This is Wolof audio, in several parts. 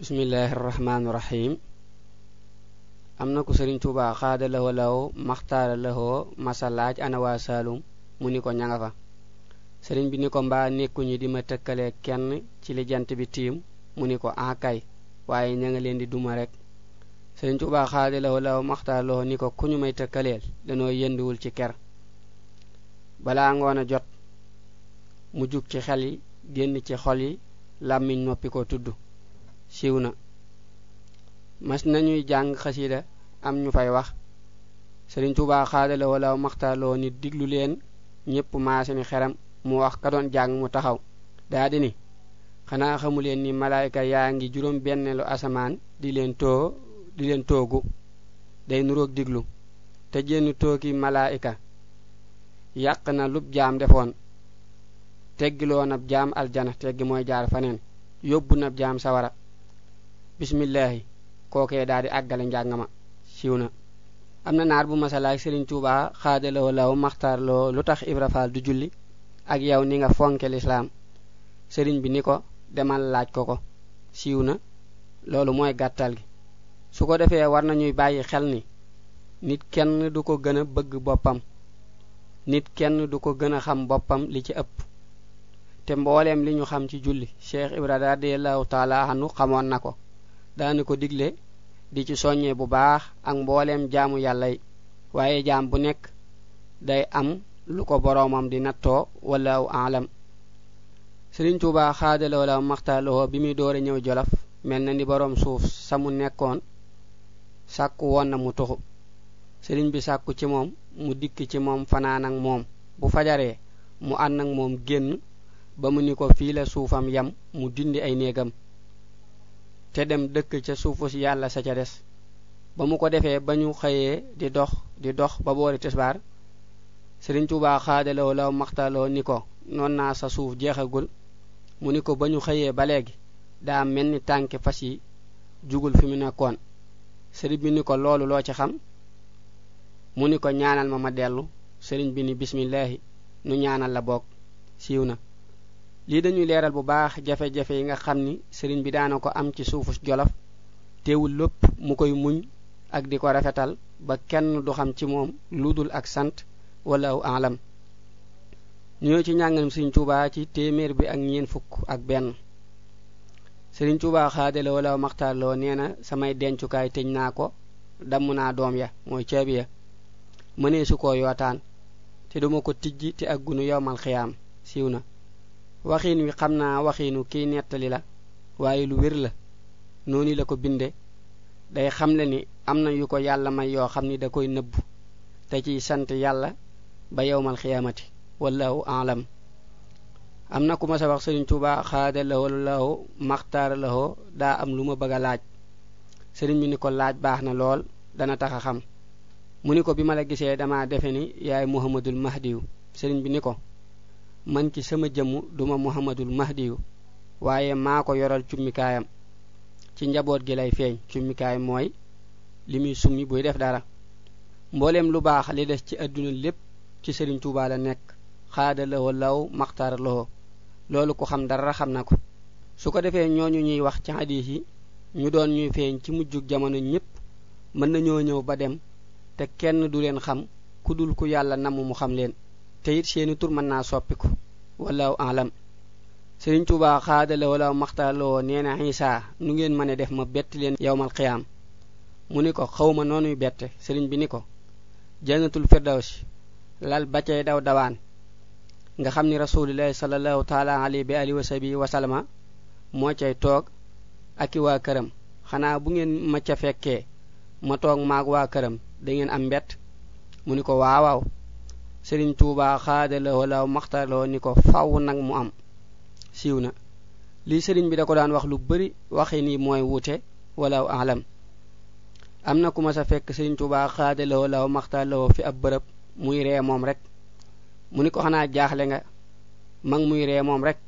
bismillahi irrahmaani irrahim am na ko sëriñ Tuubaa xaada lawo law maxtaara lawoo masalaaj ana saalum mu ni ko ña sëriñ bi ni ko mbaa nekkuñu di ma tëkkale kenn ci li bi tiim mu ni ko akay ah waaye ña nga leen di duma rekk sëriñ Tuubaa xaada lawo law maxtaara lawoo ni ko ku ñu may tëkkaleel danoo yënduwul ci ker balaa ngoon a jot mu jug ci xel yi génn ci xol yi làmmiñ noppi ko tudd siiw na mas nañuy jàng xasida am ñu fay wax Sëriñ Tuubaa xaadala wala maxtaaloo ni diglu leen ñépp maase mi xeram mu wax ka jàng mu taxaw daa di ni xanaa xamu leen ni malaayka yaa ngi juróom benneelu asamaan di leen too di leen toogu day nuroog diglu te jenn tooki malaayka yàq na lu jaam defoon teggiloo ab jaam aljana teggi mooy jaar faneen yóbbu nab jaam sawara bismillaahi kookee daal di àggale njàng ma siiw na am na naar bu masalaay Sëriñ Tuubaa xaadaloo law loo lu tax Ibra du julli ak yow ni nga fonke lislaam sëriñ bi ni ko demal laaj ko ko siiw na loolu mooy gàttal gi su ko defee war nañuy bàyyi xel ni nit kenn du ko gën a bëgg boppam nit kenn du ko gën a xam boppam li ci ëpp te mbooleem li ñu xam ci julli Cheikh Ibra radiyallahu taala anu xamoon na ko daana ko digle di ci soññee bu baax ak mbooleem jaamu yàlla yi waaye jaam bu nekk day am lu ko boroomam di nattoo wallahu aalam Sëriñ Tuubaa xaadaloo la maxtaaloo bi muy doore ñëw Jolof mel na ni boroom suuf samu nekkoon sàkku woon na mu tuxu sëriñ bi sàkku ci moom mu dikk ci moom fanaan ak moom bu fajaree mu ànd ak moom génn ba mu ni ko fii la suufam yam mu dindi ay néegam te dem dëkk ca suufu si yàlla sa ca des ba mu ko defee ba ñu xëyee di dox di dox ba boori tisbaar Sëriñ Tuubaa xaadaloo maxtaloo ni ko noon naa sa suuf jeexagul mu ni ko ba ñu xëyee ba léegi daa mel ni tànki fas yi jugul fi mu nekkoon sëriñ bi ni ko loolu loo ci xam mu ni ko ñaanal ma ma dellu sëriñ bi ni bismillaahi nu ñaanal la bokk siiw na lii dañuy leeral bu baax jafe-jafe yi nga xam ni sëriñ bi daana ko am ci suufu jolof teewul lépp mu koy muñ ak di ko rafetal ba kenn du xam ci moom lu dul ak sant wala aw alam ñoo ci njànganam sëriñ Tuubaa ci téeméer bi ak ñeen fukk ak benn sëriñ Tuubaa xaadala wala maxtaarloo nee na samay dencukaay tëj naa ko damm naa doom ya mooy ceeb ya mënee su ko yootaan te duma ko tijji te ak gunu yowmal xiyaam siiw na waxiin wi xam naa waxiinu kiy nettali la waaye lu wér la noonu la ko binde day xamle ni am na yu ko yàlla may yoo xam ni da koy nëbb te ciy sant yàlla ba yowmal xiyaamati wallahu alam am na ku ma sa wax Sëriñ Tuuba xaada lahoo lahoo maxtaara lahoo daa am lu ma bëgg a laaj sëriñ bi ni ko laaj baax na lool dana tax a xam mu ni ko bi ma la gisee dama defe ni yaay Muhammadul Mahdiyu sëriñ bi ni ko man ci sama jëmm duma muhammadul mahdiyu waaye maa ko yoral cummikaayam ci njaboot gi lay feeñ cummikaay mooy li muy summi buy def dara mboolem lu baax li des ci àdduna lépp ci sëriñ Tuubaa la nekk xaada lawo law maxtaara loolu ku xam dara xam na ko su ko defee ñooñu ñuy wax ci xadiis yi ñu doon ñuy feeñ ci mujjug jamono ñépp mën nañoo ñëw ba dem te kenn du leen xam ku dul ku yàlla namm mu xam leen te it seeni tur mën naa soppiku wallahu aalam sëriñ tuuba xaadala wala maxtaloo nee na isa nu ngeen mën a def ma bett leen yowmal qiyaam mu ni ko xawma noonuy bette sëriñ bi ni ko jannatul firdawsi lal ba daw dawaan nga xam ni rasulillahi salallahu taala alayhi bi alihi wa sabi wa salama moo cay toog ak i waa këram xanaa bu ngeen ma ca fekkee ma toog maag waa këram da ngeen am mbett mu ni ko waawaaw sëriñ tuubaa xaadalawoo laaw maxtarlawoo ni ko faw nag mu am siiw na lii sëriñ bi da ko daan wax lu bari waxin yi mooy wute walaaw alam am na ku ma sa fekk sëriñ tuubaa xaadalawoo laaw maxtarlawoo fi ab bërëb muy ree moom rek mu ni ko xanaa jaaxle nga mag muy ree moom rek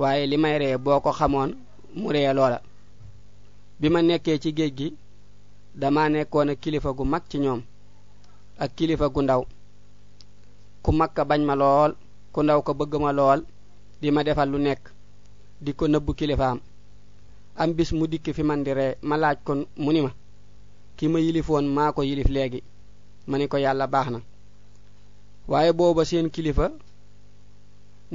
waaye li may ree boo ko xamoon mu ree loola bi ma nekkee ci géej gi dama nekkoon ak kilifa gu mag ci ñoom ak kilifa gu ndaw ku mag ka bañ ma lool ku ndaw ko bëgg ma lool di ma defal lu nekk di ko nëbbu kilifaam am bis mu dikk fi man ma laaj kon mu ni ma ki ma yilifoon maa ko yilif léegi ma ni ko yàlla baax na waaye booba seen kilifa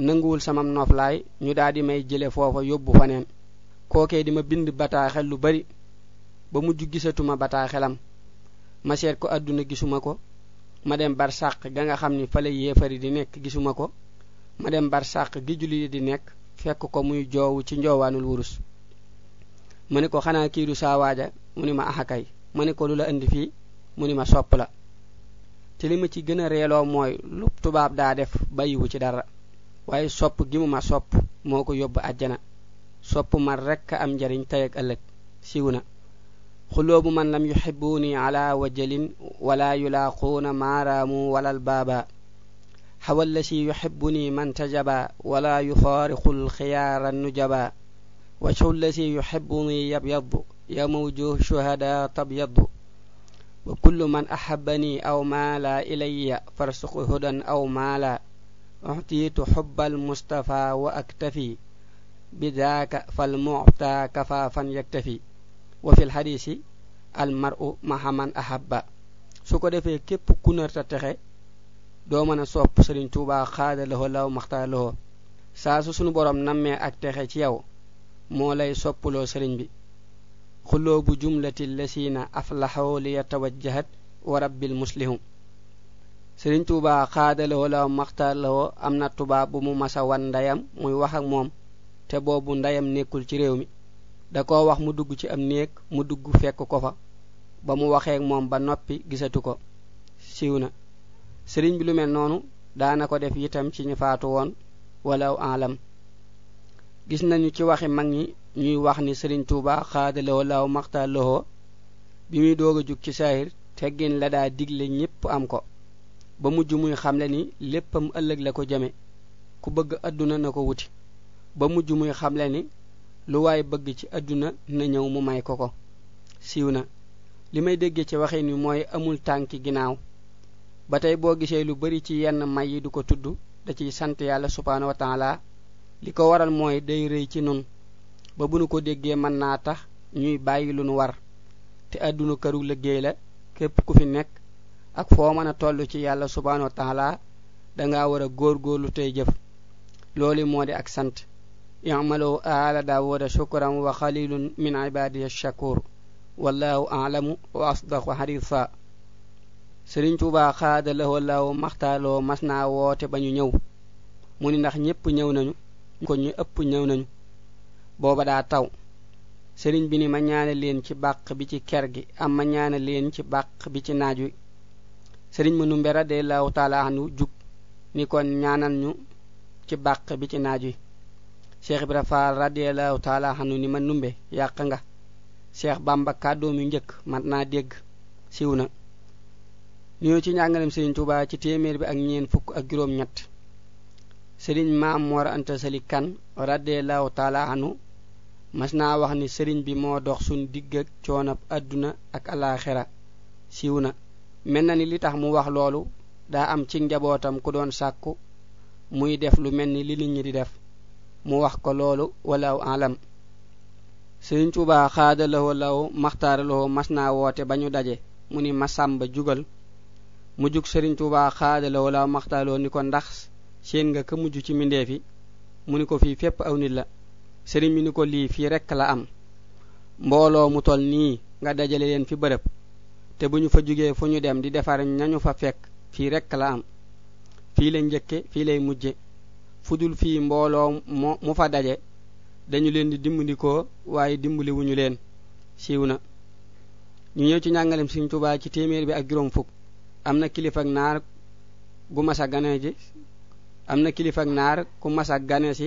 nanguwul sama noflaay ñu daal di may jële foofa yóbbu faneen kookee di ma bind bataaxel lu bari ba mujj gisatuma bataaxelam ma seet ko àdduna gisuma ko ma dem bar sàq ga nga xam ni fa la yéefari di nekk gisuma ko ma dem bar sàq gi julli di nekk fekk ko muy joowu ci njoowaanul wurus ma ni ko xanaa kiiru du saa waaja mu ni ma axakay ma ni ko lu la indi fii mu ni ma sopp la te li ma ci gën a reeloo mooy lu tubaab daa def bàyyiwu ci dara waaye sopp gi mu ma sopp moo ko yóbbu àjjana sopp ma rekk am njariñ tey ak ëllëg siiw na قلوب من لم يحبوني على وجل ولا يلاقون ما راموا ولا البابا حوى الذي يحبني من تجبا ولا يفارق الخيار النجبا وشو الذي يحبني يبيض يوم شهداء تبيض وكل من أحبني أو مال إلي فارسق هدى أو مالا أعطيت حب المصطفى وأكتفي بذاك فالمعطى كفافا يكتفي wa fil hadisi al mar'u mahaman ahabba su ko defee képp ku nar ta texe doo mën a sopp sëriñ tuuba xaada loxo law maxtaar loxo saa su sunu borom nammee ak texe ci yow moo lay soppuloo sëriñ bi xuloo bu jumlati lasina aflaxoo li yatawajjahat wa rabbil muslihum sëriñ tuuba xaada loxo law maxtaar loxo am na tubaab bu mu masa wan ndayam muy wax ak moom te boobu ndayam nekkul ci réew mi da koo wax mu dugg ci am néeg mu dugg fekk ko fa ba mu waxee moom ba noppi gisatu ko siiw na sëriñ bi lu mel noonu daana ko def itam ci ñu faatu woon wala alam gis nañu ci waxi mag ñi ñuy wax ni sëriñ Tuuba xaadalawoo laaw maxta loxo bi muy doog a jug ci saahir teggin la daa digle ñépp am ko ba mujj muy xamle ni léppam ëllëg la ko jame ku bëgg àdduna na ko wuti ba mujj muy xamle ni lu waaye bëgg ci àdduna na ñëw mu may ko ko siiw na li may déggee ci waxin wi mooy amul tànki ginnaaw ba tey boo gisee lu bari ci yenn may yi du ko tudd da ciy sant yàlla subhaanahu wa taala li ko waral mooy day rëy ci nun ba bu nu ko déggee mën naa tax ñuy bàyyi lu nu war te àdduna këru liggéey la képp ku fi nekk ak foo mën a toll ci yàlla subhaanahu wa taala danga war a góor góorlu tey jëf looli moo di ak sant اعملوا آل داود شكرا وخليل من عباده الشكور والله أعلم وأصدق حديثا sëriñ tuuba xaada la law maxtaaloo mas naa woote ba ñu ñëw mu ni ndax ñépp ñëw nañu ko ñu ëpp ñëw nañu booba daa taw sëriñ bi ni ma ñaane leen ci bàq bi ci ker gi am ma ñaane leen ci bàq bi ci naaj wi sëriñ ma numbera de law taala anu jug ni kon ñaanal ñu ci bàq bi ci naaj wi cheikh bi Faal radiyallahu taala xanu ni ma numbe yàq nga cheikh Bamba kàddoom yu njëkk mat naa dégg siw na ñëw ci njàngalem Serigne Touba ci téeméer bi ak ñeen fukk ak juróom-ñett Serigne Maam Mor Anta Sali Kan radiyallahu taala xanu mas naa wax ni sëriñ bi moo dox suñ digg ak àdduna ak alaaxira siw na mel na ni li tax mu wax loolu daa am ci njabootam ku doon sàkku muy def lu mel ni li nit ñi di def mu wax ko loolu walaaw alam sëriñ tuuba xaadalahoo law maxtaaralahoo mas naa woote ba ñu daje mu ni ma sàmba jugal mu jug sëriñ tuuba xaadalahoo law maxtaaraloo ni ko ndax seen nga ka mujj ci mindeefi mu ni ko fii fépp aw nit la sëriñ bi ni ko lii fii rekk la am mbooloo mu tol nii nga dajale leen fi bërëb te bu ñu fa jugee fu ñu dem di defar nañu fa fekk fii rekk la am fii lay njëkke fii lay fudul fi mbolo mu fa dajé dañu leen di dimbandikoo waye dimbali wuñu leen siwna ñu ñew ci ñangalem Amna touba ci téeméer bi ak juroom fuk amna kilifa ak naar gu massa gané ji amna kilifa ak naar ku massa gané ci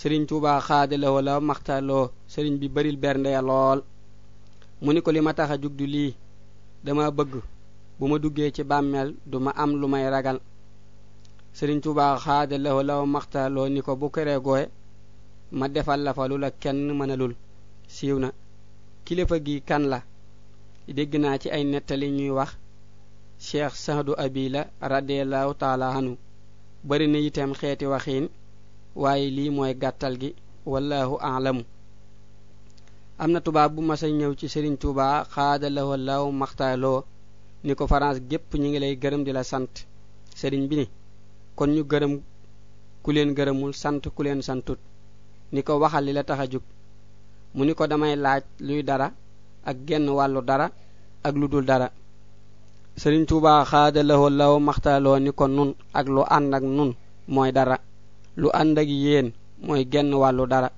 sëriñ touba khadalo wala maktalo bi baril bernde ya lol mu ni ko li ma dama bëgg buma duggé ci bammel duma am lu ragal sëriñ Tuubaa xaada law maxtaloo ni ko bu këree gooye ma defal la fa lu la kenn mënalul siiw na kilifa gi kan la dégg naa ci ay nettali ñuy wax cheikh sahdu abi la radiallahu taala anu bari na itam xeeti waxiin waaye lii mooy gàttal gi wallahu aalamu am na tubaab bu mas a ñëw ci sëriñ Tuubaa xaada law maxtaloo ni ko France gépp ñu ngi lay gërëm di la sant sëriñ bi ni kon ñu gërëm ku leen gërëmul sant ku leen santut ni ko waxal li la tax a jug mu ni ko damay laaj luy dara ak genn wàllu dara ak lu dara sëriñ tuuba xaada law maxtaaloo ni ko nun ak lu ànd ak nun mooy dara lu ànd ak yéen mooy genn wàllu dara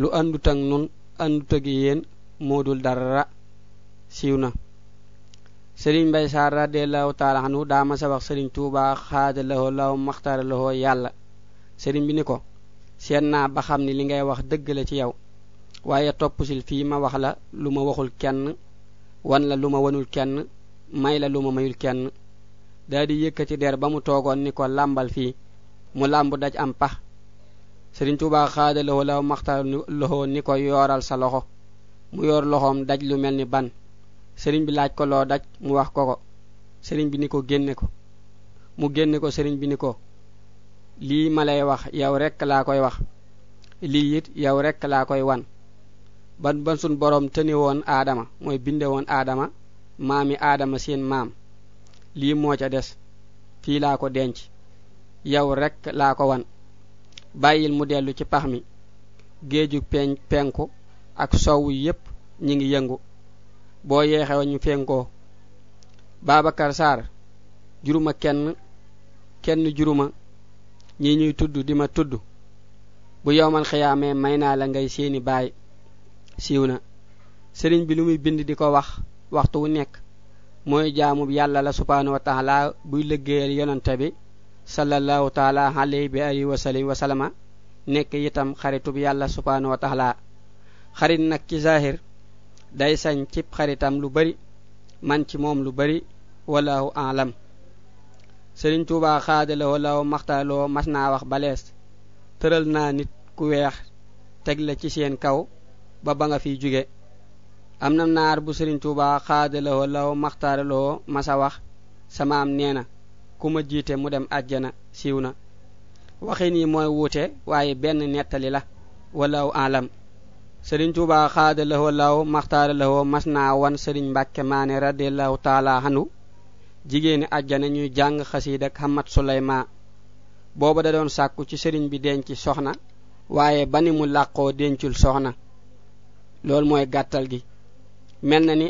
lu andut ak nun andut ak yéen moo dul dara siiw sëriñ bay saar radiallahu taala anhu daa ma sabax sëriñ tuubaa xaada lahoo law maxtara lahoo yàlla sëriñ bi ni ko seen naa ba xam ni li ngay wax dëgg la ci yow waaye topp sil fii ma wax la lu ma waxul kenn wan la lu ma wanul kenn may la lu ma mayul kenn daa di yëkkati der ba mu toogoon ni ko làmbal fii mu làmb daj am pax sëriñ tuubaa xaada lahoo law maxtara lahoo ni ko yooral sa loxo mu yor loxoom daj lu mel ni ban sëriñ bi laaj ko loo daj mu wax ko ko sëriñ bi ni ko génne ko mu génne ko sëriñ bi ni ko lii ma lay wax yow rek laa koy wax lii it yow rek laa koy wan ban ban sun borom tëni woon aadama mooy binde woon aadama maami aadama seen maam lii moo ca des fii laa ko denc yow rek laa ko wan bàyyil mu dellu ci pax mi géeju penku ak sowu yépp ñi ngi yëngu boo yeexee ñu fenkoo Babacar Sarr juruma kenn kenn juruma ñi ñuy tudd di ma tudd bu yowmal xiyaamee may naa la ngay seeni baay siiw na sëriñ bi lu muy bind di ko wax waxtu wu nekk mooy jaamub yàlla la subhaanahu wa buy liggéeyal yonante bi sallallahu taala alayhi bi alihi wa nekk itam xaritub yàlla subhaanahu wa taala xarit nag ci zahir day sañ cib xaritam lu bari man ci moom lu bari wallahu alam serigne touba xaadalawoo wallahu maxtaaloo mas naa wax balees tëral naa nit ku weex teg la ci seen kaw ba ba nga fi juge. am na naar bu serigne touba xaadalawoo wallahu maxtaaloo masa wax sama am na ku ma jiite mu dem àjjana siiw na waxin yi mooy wuute waaye benn nettali la wallahu alam sëriñ tuuba xaada la law maxtaara la mas naa wan sëriñ mbàkke maane radiallahu taala hanu jigéeni àjjana ñuy jàng xasiid ak hamat suleyma booba da doon sàkku ci sëriñ bi denc soxna waaye ba ni mu làqoo dencul soxna loolu mooy gàttal gi mel na ni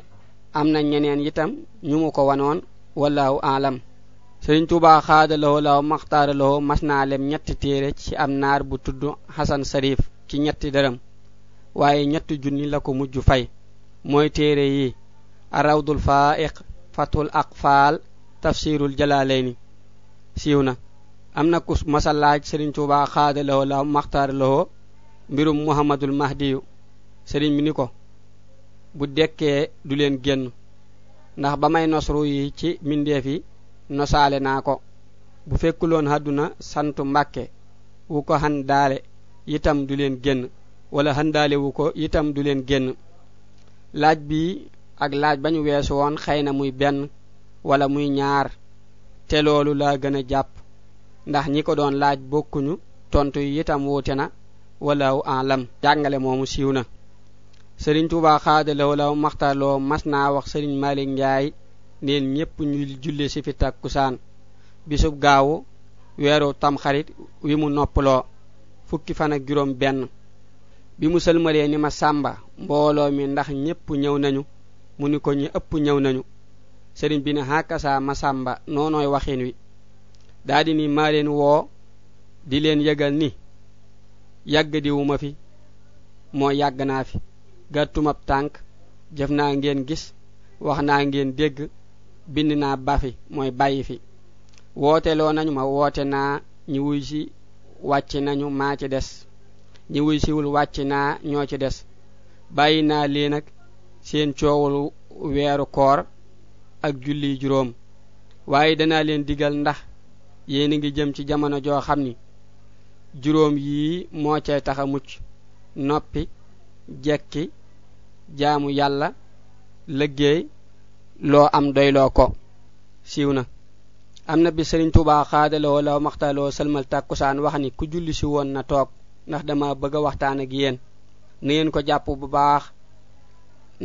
am na ñeneen itam ñu mu ko wanoon wallahu aalam sëriñ tuuba xaada lawo law maxtaara lawo mas naa lem ñetti téere ci am naar bu tudd xasan sarif ci ñetti dërëm waaye ñett junni la ko mujj fay mooy téere yi arawdul faaiq fatul aqfaal tafsirul ni siiw na am na ku masa laaj sëriñ Tuubaa xaada lawoo la maxtaar lawoo mbirum muhammadul mahdiyu sëriñ bi ni ko bu dekkee du leen génn ndax ba may nosru yi ci mbindeef yi nosaale naa ko bu fekkuloon àdduna sant mbàkke wu ko xan daale itam du leen génn wala xëndaalewu ko itam du leen génn laaj bi ak laaj ba ñu weesu woon xëy na muy benn wala muy ñaar te loolu laa gën a jàpp ndax ñi ko doon laaj bokkuñu tontu yi itam woote na walaw alam jàngale moomu siiw na sëriñ Tuubaa xaadalaw law maxtaloo mas naa wax sëriñ Malick Ndiaye neen ñépp ñu julli ci fi takkusaan bisub gaawu weeru tamxarit wi mu noppaloo fukki fan ak juróom benn bi mu sëlmalee ni ma sàmba mbooloo mi ndax ñépp ñëw nañu mu ni ko ñi ëpp ñëw nañu sëriñ bi ne hàkkasaa ma sàmba noonooy waxin wi daldi ni maa leen woo di leen yëgal ni yàgg fi moo yàgg naa fi gàttumab tànk jëf naa ngeen gis wax naa ngeen dégg bind naa bafi mooy bàyyi fi wooteloo nañu ma woote naa ñi wuy si wàcc nañu maa ci des ñi wuy wàcc naa ñoo ci des bàyyi naa leen nag seen coowul weeru koor ak julli juróom waaye danaa leen digal ndax yéen a ngi jëm ci jamono joo xam ni juróom yii moo cay tax a mucc noppi jekki jaamu yàlla liggéey loo am doyloo ko siiw na am na bi Sëriñ Tuubaa xaadaloo la maxtaloo salmal tàkkusaan wax ni ku julli si woon na toog ndax dama bëgg waxtaan ak yeen na ngeen ko jàpp bu baax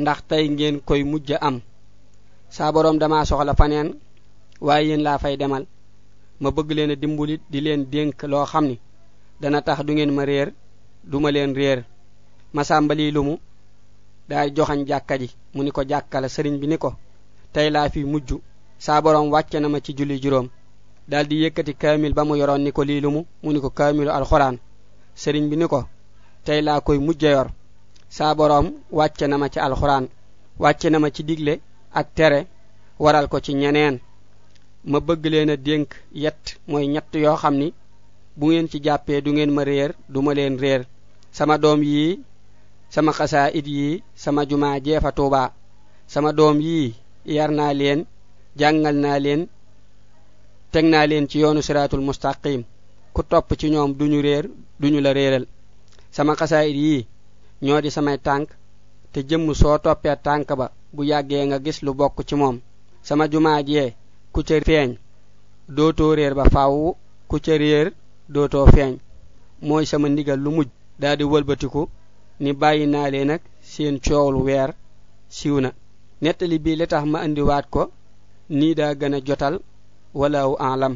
ndax tey ngeen koy mujj am sa borom dama soxla faneen waaye yeen laa fay demal ma bëgg leen a dimbali di leen dénk loo xam ni dana tax du ngeen ma réer du ma leen réer ma sàmbali lu mu daay joxañ jàkka ji mu ni ko jàkkala sëriñ bi ni ko tey laa fi mujj sa borom wàcce ma ci julli juróom daal di yëkkati kaamil ba mu yoroon ni ko lii lu mu mu sëriñ bi ni ko tey laa koy mujje yor saa boroom wàcce na ma ci alxuraan wàcce na ma ci digle ak tere waral ko ci ñeneen ma bëgg leen a dénk yett mooy ñett yoo xam ni bu ngeen ci jàppee du ngeen ma réer du ma leen réer sama doom yii sama xasaayit yii sama jumaa jeefa tuubaa sama doom yii yar naa leen jàngal naa leen teg naa leen ci yoonu siraatul mustaqim ku topp ci ñoom duñu réer duñu la réeral sama xasaayit yi ñoo di samay tànk te jëmm soo toppee tànk ba bu yàggee nga gis lu bokk ci moom sama jumaaj yee ku ca feeñ dootoo réer ba fàwwu ku ca réer dootoo feeñ mooy sama ndigal lu muj daa di wëlbatiku ni bàyyi naa lee nag seen coowul weer siiw na nettali bi li tax ma andiwaat ko nii daa gën a jotal walaawu en lam